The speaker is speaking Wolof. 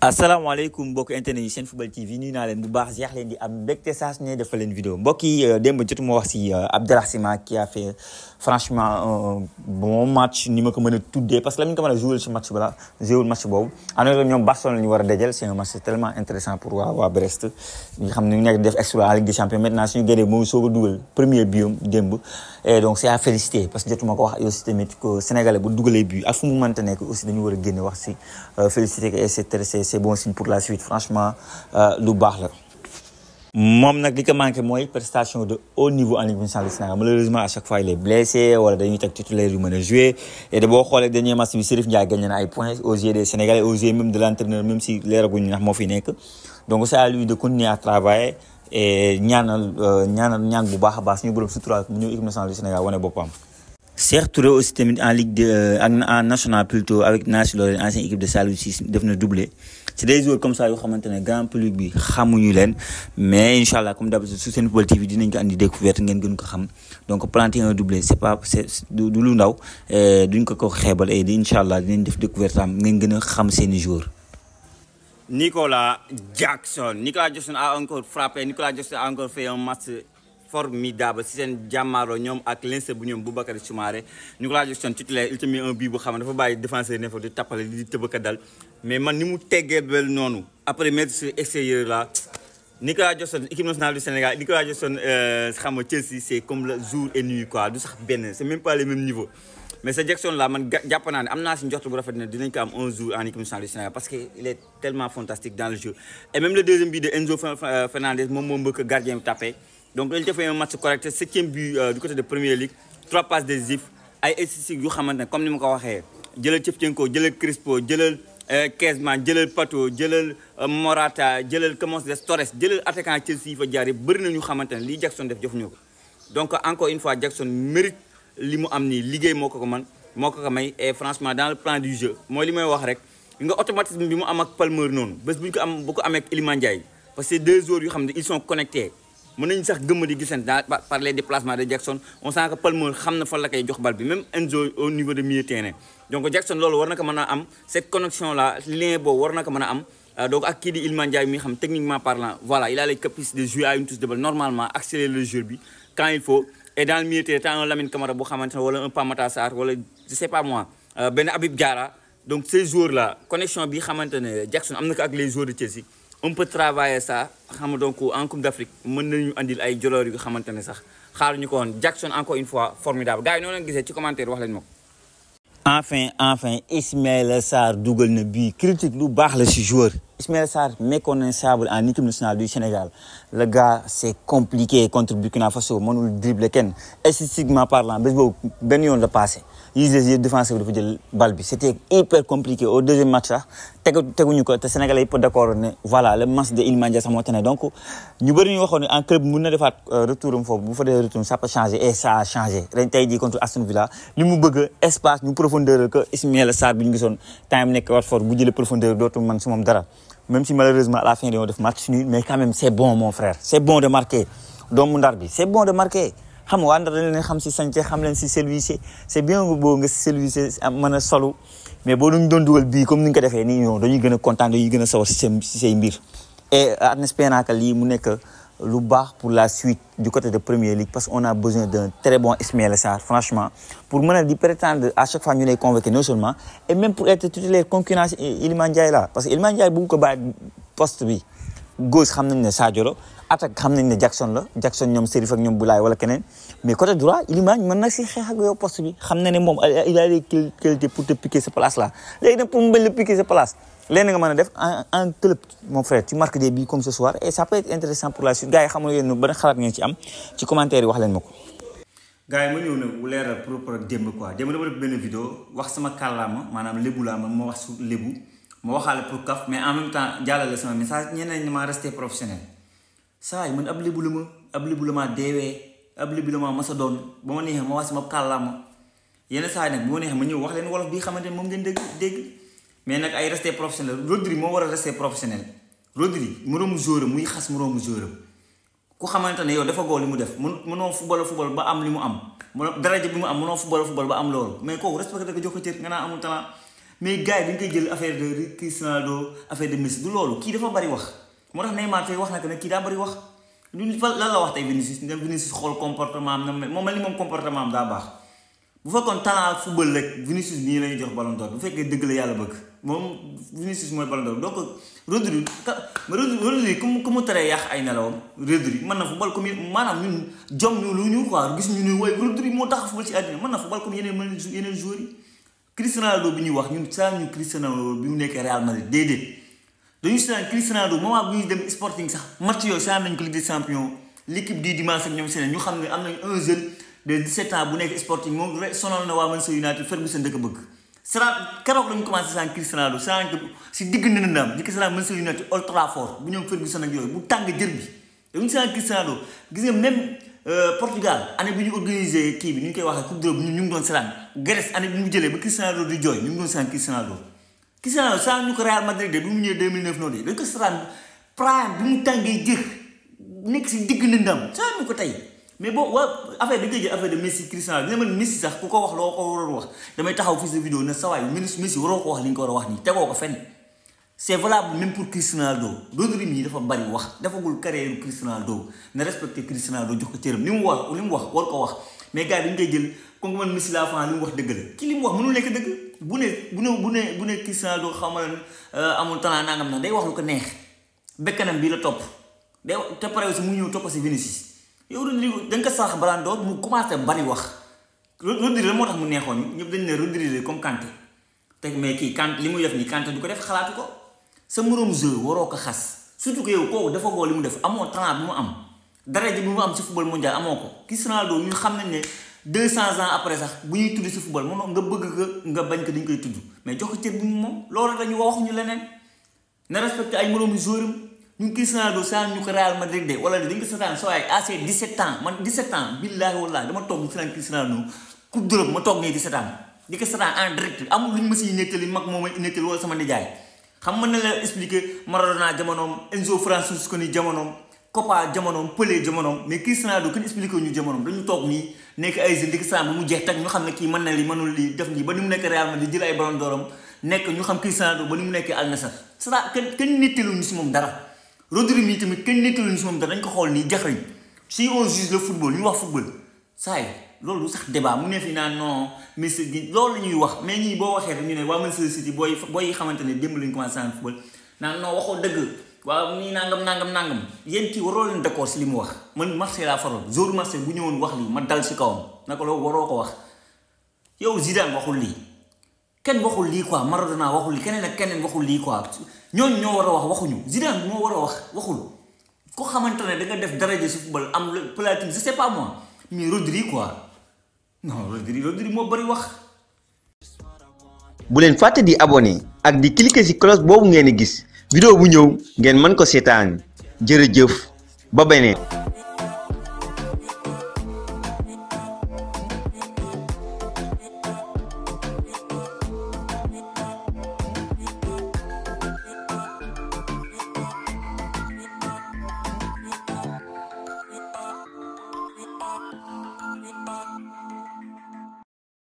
Assalamu alaykum. mbokk internet yi seen football TV nuyu naa leen bu baax jeex leen di am mbégte saa su ne dafa leen vidéo mbokk yi euh, démb jotuma wax si euh, Abdallah qui a fait franchement un bon match ni ma ko mën a tuddee parce que la ñu ko mën a joué si match bala joué match boobu am na ñoom Barcelone la ñu war a dajal c'est un match tellement intéressant pour waa waa Brest ñi xam ne ñu nekk def exploit à Ligue des Champions maintenant suñu génnee moom soog a dugal premier biom démb et donc c'est à féliciter parce que jotuma ko wax aussi tamit que Sénégalais bu dugalee bi ak fu mu mënta nekk aussi dañu war a génne wax si euh, féliciter que c'est bon signe pour la suite franchement euh, lu Moi, je prestation de haut niveau en Ligue du Sénégal malheureusement à chaque fois il est blessé titulaire a jouer et de dernier match Serif Ndiaye gagné na points aux yeux des Sénégalais aux yeux même de l'entraîneur même si l'air a donc c'est à lui de continuer à travailler et euh, a Cheikh Touré aussi tamit en Ligue de euh, en national plutôt avec Nash Lorraine ancienne équipe de Saloum 6 def doublé c'est des joueurs comme ça yoo xamante ne grand public bi xamuñu leen mais Inch'Allah, comme d'habitude sous cette football TV dinañ ko andi découverte ngeen gën ko xam donc planter un doublé c'est pas c'est du lu ndaw euh, duñ ko ko xeebal et Inch'Allah, allah dinañ def découverte am ngeen gën a xam seeni joueurs. Nicolas Jackson Nicolas Jackson a encore frappé Nicolas Jackson a encore fait un match formidable si seen jàmmaaroo ñom ak l'INSEP bu ñoom Boubakary Soumaré ñu ko jox seen titulaire il te met un but bu xam ne dafa baye défenseur ne fa di tappale di tëbaka dal mais man ni mu teggee bel noonu après mettre sur extérieur là Nicolas Jackson équipe nationale du Sénégal Nicolas Jackson euh, xam Chelsea c'est comme le jour et nuit quoi du sax c'est même pas les mêmes niveaux mais cette direction là man jàpp naa ne am naa si njort bu rafet ko am un jour en équipe nationale du Sénégal parce qu'il est tellement fantastique dans le jeu et même le deuxième but de Enzo Fernandez mon moo mbëkk gardien tapé donc il a fait un match correct 7e but euh, du côté de Premier League, trois passes décisives ay statistiques yu xamante comme ni ma ko waxee jëlal Shevchenko jëlal Crespo jëlal Griezmann euh, jëlal Pato jëlal euh, Morata jëlal des Torres jëlal attaquant Chelsea fa jari yëpp bëri na ñu xamante ne Jackson def jofuñu ko. donc encore une fois Jackson mérite li mu am ni liggéey moko ko man moko ko may et franchement dans le plan du jeu moi limay wax rek nga automatisme bi mu am ak Palmer non bëss buñ ko am bu ko am ak Iliman Ndiaye parce que deux joueurs yu xam ils sont connectés mën nañ sax gëmm di gisante daa par les déplacements de Jackson on sent que Paul Moore xamna fa la kay jox bal bi même Enzo au niveau de milieu terrain donc Jackson loolu war naka mëna am cette connexion là lien bo war naka mëna am euh, donc ak kii di Iliman Ndiaye mi xam techniquement parlant voilà il a les capacités de jouer à une touche de balle normalement accélérer le jeu bi quand il faut et dans le milieu terrain tant Lamine Camara bo xamantene wala un Pamata Sar wala je sais pas moi ben Habib Diarra donc ces joueurs là connexion bi xamantene Jackson am na ak les joueurs de Chelsea on peut travailler ça xam en Coupe d'Afrique on nañu andil ay jolor yu xamante sax sax ñu ko won Jackson encore une fois formidable gars yi lañu gisé ci commentaire wax lañ enfin enfin Ismaël Sarr Dougal na critique lu bax la ci joueur. Ismaël Sarr, méconnaissable en équipe nationale du Sénégal. Le gars, c'est compliqué contre Burkina Faso. Mon dribble ken. Esthétiquement parlant, ben on l'a passé. Iliès défenseur bi dafa jël bal bi c' hyper compliqué au deuxième match là téguñu ko té Sénégalais yëpp d'accord accord ne voilà le match de Ilmandia Ndiaye sax moo donc ñu bari ñu waxoon en club mun na defaat euh, retour am bu fa defee retour ça peut changer et ça a changé dañ tay di contre Aston Villa li mu bëgg espace ñu profondeur que Ismaël Sarr bi ñu gisoon temps yii nekk Watford bu jël profondeur dootu man su dara même si malheureusement à la fin dañoo def match nul mais quand même c'est bon mon frère C'est bon de marquer doomu ndar bi C'est bon de marquer xam nga waa Ndar leen xam si sañce xam leen si service c'est bien boo nga service mën a solu mais boo duñ doon dugal bii comme ni nga ko defee nii ñoom dañuy gën a kontaan dañuy gën a sawar si seen si say mbir et en espérant que lii mu nekk lu baax pour la suite du côté de Premier League parce qu'on a besoin d'un très bon Ismaël Sarr franchement pour mën a di prétendre à chaque fois ñu lay convoqué non seulement et même pour être titulaire concurrence Iliman Ndiaye là parce que Iliman Ndiaye bëgg ko bàyyi poste bi gauche xam nañ ne Sadio attaque xam nañ ne Jackson la Jackson ñoom Serif ak ñoom Boulaye wala keneen mais côté droit Iliman mën na si xeex ak yow bi xam na ne moom il a des qualités pour te piquer sa place là léegi nag pour mu bañ la a def en en club mon frère tu marques des buts comme ce et ça peut être intéressant pour la suite gars yi xam nga yéen ban xalaat ngeen ci am ci commentaire wax leen ma ko. gars yi ma ñëw nag leeral propre démb quoi démb dama ma waxaale pour kaf mais en même temps jàllale sama message ñeneen ñi ma resté professionnel saa yi man ab libu la ma ab libu la ma deewee ab libu la ma ma neexee ma ñëw wax leen wolof bi xamante ne moom ngeen dégg dégg mais nag ay resté professionnel Rodri moo war a resté professionnel Rodri moroomu joueur muy xas moroomu joueur ku xamante ne yow dafa góor li mu def mun munoo football football ba am li mu am munoo daraja bi mu am munoo football football mais gars dañ koy jël affaire de Cristiano affaire de Messi du loolu kii dafa bari wax moo tax Neymar tey wax na que ne kii daa bari wax ñu fa lan la wax tey Vinicius ne Vinicius xool comportement am na moom mel ni moom comportement am daa baax bu fekkoon talent football rek Vinicius nii la jox ballon d'or bu fekkee dëgg la yàlla bëgg moom Vinicius mooy ballon d'or donc Rodri Rodri ku mu ku mu teree yàq ay nelawam Rodri mën na football comme maanaam ñun jom ñu lu ñu quoi gis ñu ne waaye Rodri moo tax football ci àddina mën na football comme yeneen yeneen joueurs yi Cristiano bi ñuy wax ñun saa ñu Cristiano bi mu nekkee Real Madrid déedéet dañu saa nañ ko Ligue ñu xam ne am nañ un jeune da ko bëgg. Sera keroog lañu commencé seetaan Cristiano saa nañ ko si digg Eh, Portugal ane bi ñu organisé kii bi ni ñu koy waxee coupe d'Europe ane ñu ngi doon seetaan Grèce année bi mu ba Cristiano di joy ñu ngi doon seetaan Cristiano Cristiano Ronaldo ñu ko Real Madrid de bi mu ñëwee 2009 noonu de dañ ko seetaan prime bi mu tàngee jër nekk si digg ndëndam saa ñu ko tey mais bon waa affaire affaire de Messi Cristiano dina mel Messi sax ku ko wax loo ko waroon wax damay taxaw fii sa vidéo ne sa waay Messi waroo ko wax li ko war wax nii ko fenn c'est valable même pour Cristiano Ronaldo Rodri mii dafa bari wax defagul carrière Cristiano Ronaldo na respecté Cristiano Ronaldo jox ko cëram li mu war li mu wax war ko wax mais gars yi dañ koy jël comme man Messi la fan li mu wax dëgg la ki li wax mënul nekk dëgg bu ne bu ne bu ne bu ne Cristiano Ronaldo xamal euh, amul talent nangam nag day wax lu ko neex bekkanam bi la topp day te pare aussi mu si Vinicius yow Rodri da nga ko saax balaan door mu commencé bari wax Rodri la moo mu neexoon ñëpp dañ ne Rodri comme Kanté te mais kii Kanté li def Kanté du ko def xalaatu ko sa moroom jeu waroo ko xas surtout que yow kooku dafa goo li mu def amoo talent bi mu am dara ji bi mu am si football amoo ko Cristiano Ronaldo xam nañ ne deux cent ans bu ñuy tudd si football moom nga bëgg nga bañ koy mais jox ko cër bi moom ñu leneen na respecté ay moroomu joueur am ñun Cristiano Ronaldo saan ñu ko Real Madrid de wala dañ ko seetaan soo ay assez 17 ans di ko seetaan en direct lu ñu ma siy nettali mag moo may nettali wala sama nijaay xam mën na leen expliquer Maradona jamonoom Enzo Francescoli jamonoom Copa jamonoom Pelé jamonoom mais Cristiano kenn expliqué ñu jamonoom dañu toog nii nekk ay jeunes di Cristiano ba mu jeex tag ñu xam ne kii mën na li mënul li def nii ba ni mu nekk Real Madrid jël ay ballon d'oram nekk ñu xam Cristiano ba ni mu nekk Al Nassr c'est ça kenn kenn nettalu ñu si moom dara Rodri mii tamit kenn nettalu ñu si moom dara dañ ko xool nii jaxriñ si o juge le saay loolu sax débat mu ne fi naan non Manchester loolu la ñuy wax mais ñii boo waxee rek ñu ne waa Manchester City booy booy yi xamante ne démb lañu commencé naan football naan non waxoo dëgg waaw nii nangam nangam nangam yéen ci waroo leen d'accord si li mu wax man Marseille laa faral jour Marseille bu ñëwoon wax lii ma dal si kawam naka loolu waroo ko wax yow Zidane waxul lii kenn waxul lii quoi Maradona waxul lii keneen ak keneen waxul lii quoi ñooñu ñoo war a wax waxuñu bu moo war a wax waxul ko xamante ne da def daraja si football am platine je sais pas mais Rodri quoi non wax. bu leen fàtte di abonné ak di cliquer ci cloche boobu ngeen di gis vidéo bu ñëw ngeen man ko seetaan jërëjëf ba beneen.